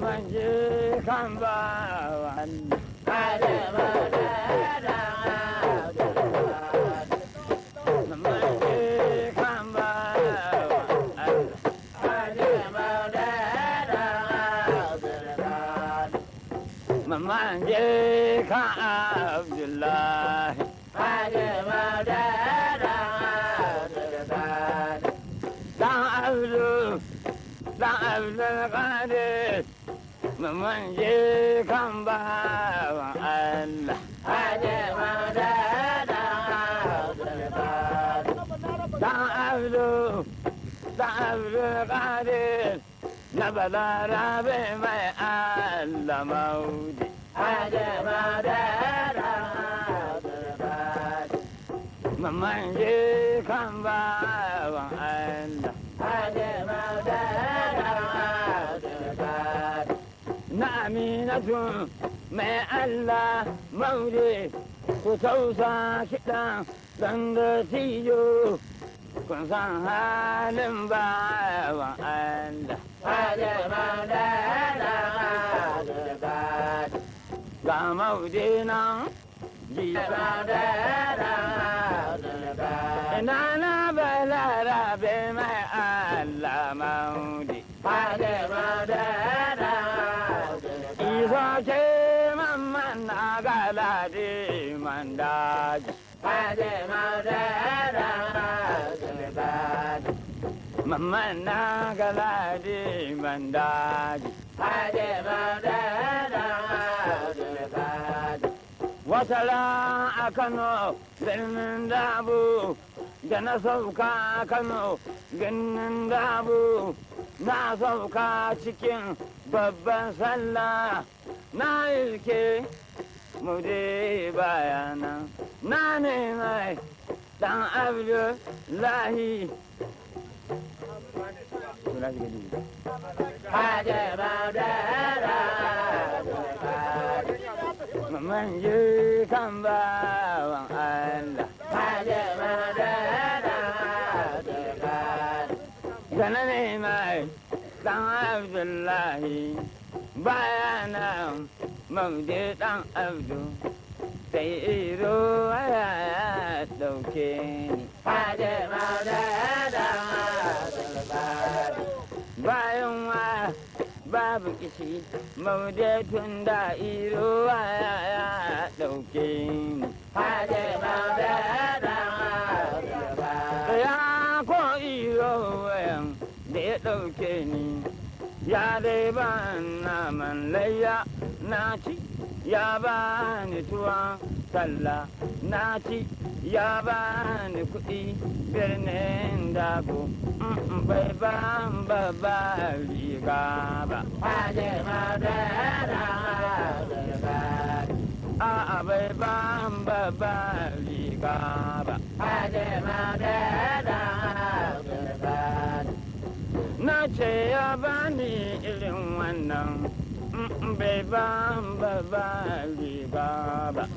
manji kamba wan kale mare da manji kamba kale mare abdullah Maman je kan ba wa Allah. Haje mada dan abdu dan abdu qadir na balarabe mai Allah maudi. Haje mada Maman je kan ba wa Allah. aminatu mai Allah maure ku tausa kiɗa don da tiyo kun san halin ba wa Allah. Haliman da yana ga maure nan. Haliman da baji. Mamman na galadi ban daji. Wasala a Kano birnin dabu da na sauka a Kano birnin dabu na sauka cikin babban sallah na ilke mude bayana na ne mai dan abdu lahi ba da ra, man je kan wan Allah. ba da ra, gana ne mai dan lahi bayana mamje dan abdu sai iro ya dauke ni haje ma da bayan wa babu kishi maude tun da iro ya dauke ni ya dai ba naman layya na ci ya ba ni tuwa talla na ci ya ba ni kuɗi birnin dago bai ba ba ba riga ba a bai ba ba riga ba ya ce ya bani irin wannan mm, bai ba ba ba riba ba.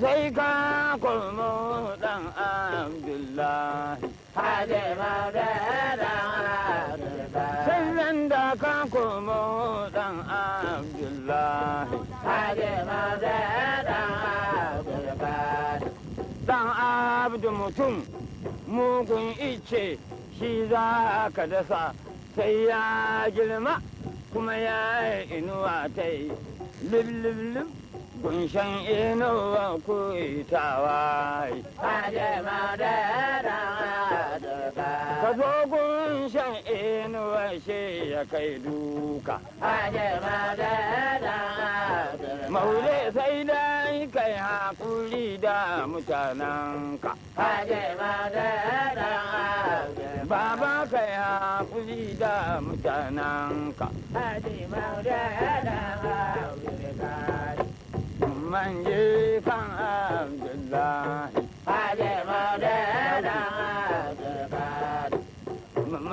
Sai ka kulmu dan Abdullahi. Haje maure da ka kulmu dan Abdullahi. Dan Abdu mutum. mugun ice shi za ka dasa sai ya girma kuma ya yi inuwa ta yi liblib gunshan inuwa ku itawa ka zo shi ya kai duka. Hajjama da dama. Maule sai dai kai hakuri da mutanenka. Hajjama da dama. Baba kai hakuri da mutanenka. Hajjama da dama. Man yi kan Abdullahi. Hajjama da dama.